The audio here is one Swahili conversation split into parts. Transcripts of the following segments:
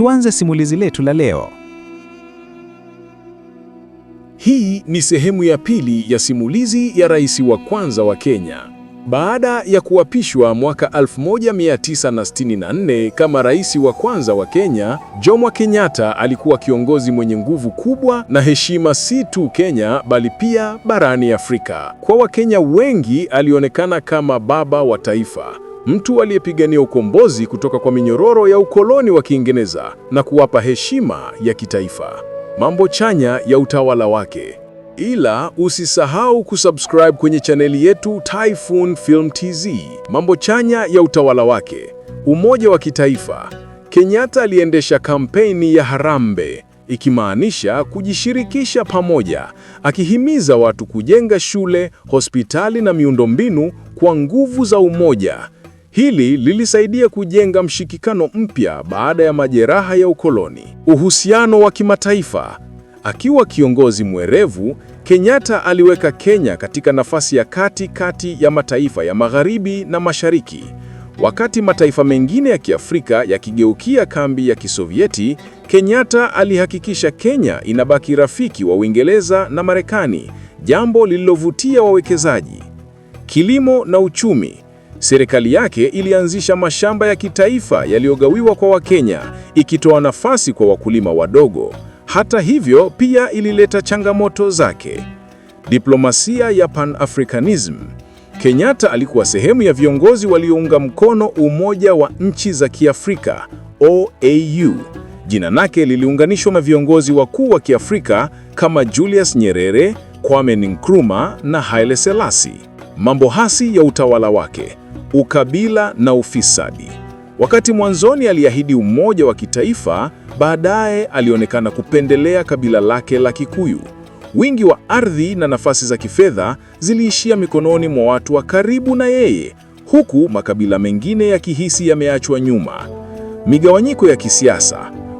Tuanze simulizi letu la leo. Hii ni sehemu ya pili ya simulizi ya rais wa kwanza wa Kenya. Baada ya kuapishwa mwaka 1964 kama rais wa kwanza wa Kenya, Jomo Kenyatta alikuwa kiongozi mwenye nguvu kubwa na heshima si tu Kenya bali pia barani Afrika. Kwa Wakenya wengi alionekana kama baba wa taifa mtu aliyepigania ukombozi kutoka kwa minyororo ya ukoloni wa Kiingereza na kuwapa heshima ya kitaifa. Mambo chanya ya utawala wake. Ila usisahau kusubscribe kwenye chaneli yetu Typhoon Film TZ. Mambo chanya ya utawala wake. Umoja wa kitaifa. Kenyatta aliendesha kampeni ya harambe ikimaanisha kujishirikisha pamoja, akihimiza watu kujenga shule, hospitali na miundombinu kwa nguvu za umoja. Hili lilisaidia kujenga mshikikano mpya baada ya majeraha ya ukoloni. Uhusiano wa kimataifa. Akiwa kiongozi mwerevu, Kenyatta aliweka Kenya katika nafasi ya kati kati ya mataifa ya Magharibi na Mashariki. Wakati mataifa mengine ya Kiafrika yakigeukia kambi ya Kisovieti, Kenyatta alihakikisha Kenya inabaki rafiki wa Uingereza na Marekani, jambo lililovutia wawekezaji. Kilimo na uchumi. Serikali yake ilianzisha mashamba ya kitaifa yaliyogawiwa kwa Wakenya, ikitoa nafasi kwa wakulima wadogo. Hata hivyo, pia ilileta changamoto zake. Diplomasia ya Pan-Africanism. Kenyatta alikuwa sehemu ya viongozi waliounga mkono Umoja wa Nchi za Kiafrika, OAU. Jina lake liliunganishwa na viongozi wakuu wa Kiafrika kama Julius Nyerere, Kwame Nkrumah na Haile Selassie. Mambo hasi ya utawala wake ukabila na ufisadi. Wakati mwanzoni aliahidi umoja wa kitaifa, baadaye alionekana kupendelea kabila lake la Kikuyu. Wingi wa ardhi na nafasi za kifedha ziliishia mikononi mwa watu wa karibu na yeye, huku makabila mengine yakihisi yameachwa nyuma. Migawanyiko ya kisiasa.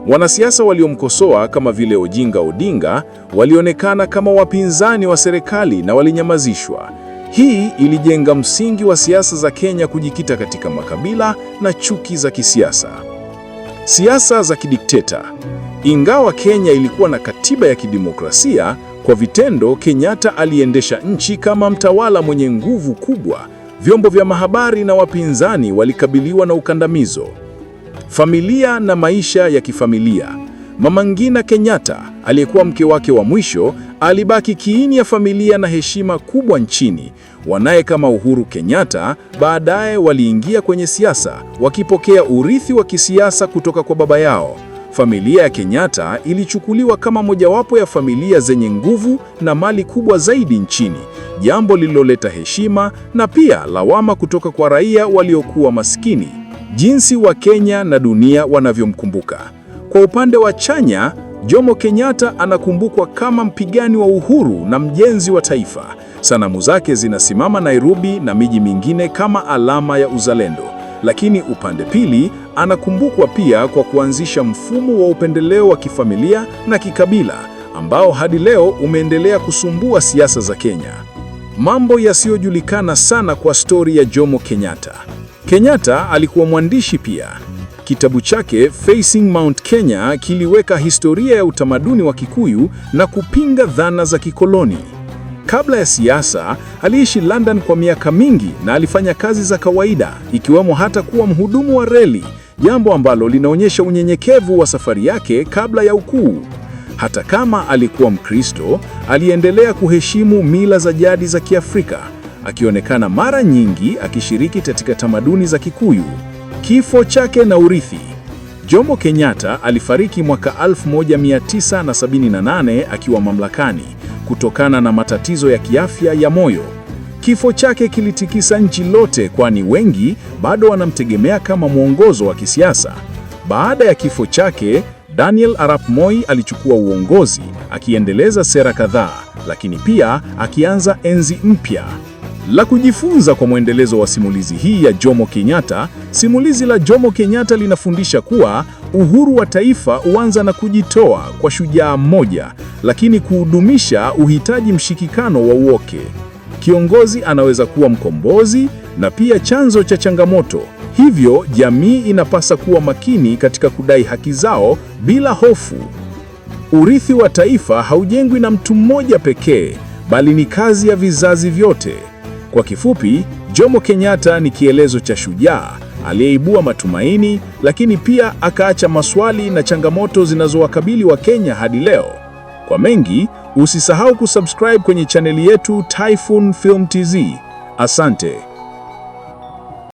Wanasiasa waliomkosoa kama vile Ojinga Odinga walionekana kama wapinzani wa serikali na walinyamazishwa. Hii ilijenga msingi wa siasa za Kenya kujikita katika makabila na chuki za kisiasa. Siasa za kidikteta. Ingawa Kenya ilikuwa na katiba ya kidemokrasia, kwa vitendo Kenyatta aliendesha nchi kama mtawala mwenye nguvu kubwa. Vyombo vya mahabari na wapinzani walikabiliwa na ukandamizo. Familia na maisha ya kifamilia. Mama Ngina Kenyatta, aliyekuwa mke wake wa mwisho, alibaki kiini ya familia na heshima kubwa nchini. Wanaye kama Uhuru Kenyatta baadaye waliingia kwenye siasa, wakipokea urithi wa kisiasa kutoka kwa baba yao. Familia ya Kenyatta ilichukuliwa kama mojawapo ya familia zenye nguvu na mali kubwa zaidi nchini, jambo lililoleta heshima na pia lawama kutoka kwa raia waliokuwa maskini. Jinsi Wakenya na dunia wanavyomkumbuka. Kwa upande wa chanya, Jomo Kenyatta anakumbukwa kama mpigani wa uhuru na mjenzi wa taifa. Sanamu zake zinasimama Nairobi na miji mingine kama alama ya uzalendo. Lakini upande pili, anakumbukwa pia kwa kuanzisha mfumo wa upendeleo wa kifamilia na kikabila ambao hadi leo umeendelea kusumbua siasa za Kenya. Mambo yasiyojulikana sana kwa stori ya Jomo Kenyatta. Kenyatta alikuwa mwandishi pia. Kitabu chake Facing Mount Kenya kiliweka historia ya utamaduni wa Kikuyu na kupinga dhana za kikoloni. Kabla ya siasa, aliishi London kwa miaka mingi na alifanya kazi za kawaida, ikiwemo hata kuwa mhudumu wa reli, jambo ambalo linaonyesha unyenyekevu wa safari yake kabla ya ukuu. Hata kama alikuwa Mkristo, aliendelea kuheshimu mila za jadi za Kiafrika, akionekana mara nyingi akishiriki katika tamaduni za Kikuyu. Kifo chake na urithi. Jomo Kenyatta alifariki mwaka 1978 akiwa mamlakani kutokana na matatizo ya kiafya ya moyo. Kifo chake kilitikisa nchi lote kwani wengi bado wanamtegemea kama mwongozo wa kisiasa. Baada ya kifo chake, Daniel Arap Moi alichukua uongozi akiendeleza sera kadhaa, lakini pia akianza enzi mpya. La kujifunza kwa mwendelezo wa simulizi hii ya Jomo Kenyatta, simulizi la Jomo Kenyatta linafundisha kuwa uhuru wa taifa huanza na kujitoa kwa shujaa mmoja, lakini kuudumisha uhitaji mshikikano wa uoke. Kiongozi anaweza kuwa mkombozi na pia chanzo cha changamoto. Hivyo, jamii inapasa kuwa makini katika kudai haki zao bila hofu. Urithi wa taifa haujengwi na mtu mmoja pekee, bali ni kazi ya vizazi vyote. Kwa kifupi, Jomo Kenyatta ni kielezo cha shujaa aliyeibua matumaini, lakini pia akaacha maswali na changamoto zinazowakabili wa Kenya hadi leo. Kwa mengi, usisahau kusubscribe kwenye chaneli yetu Typhoon Film TZ. Asante.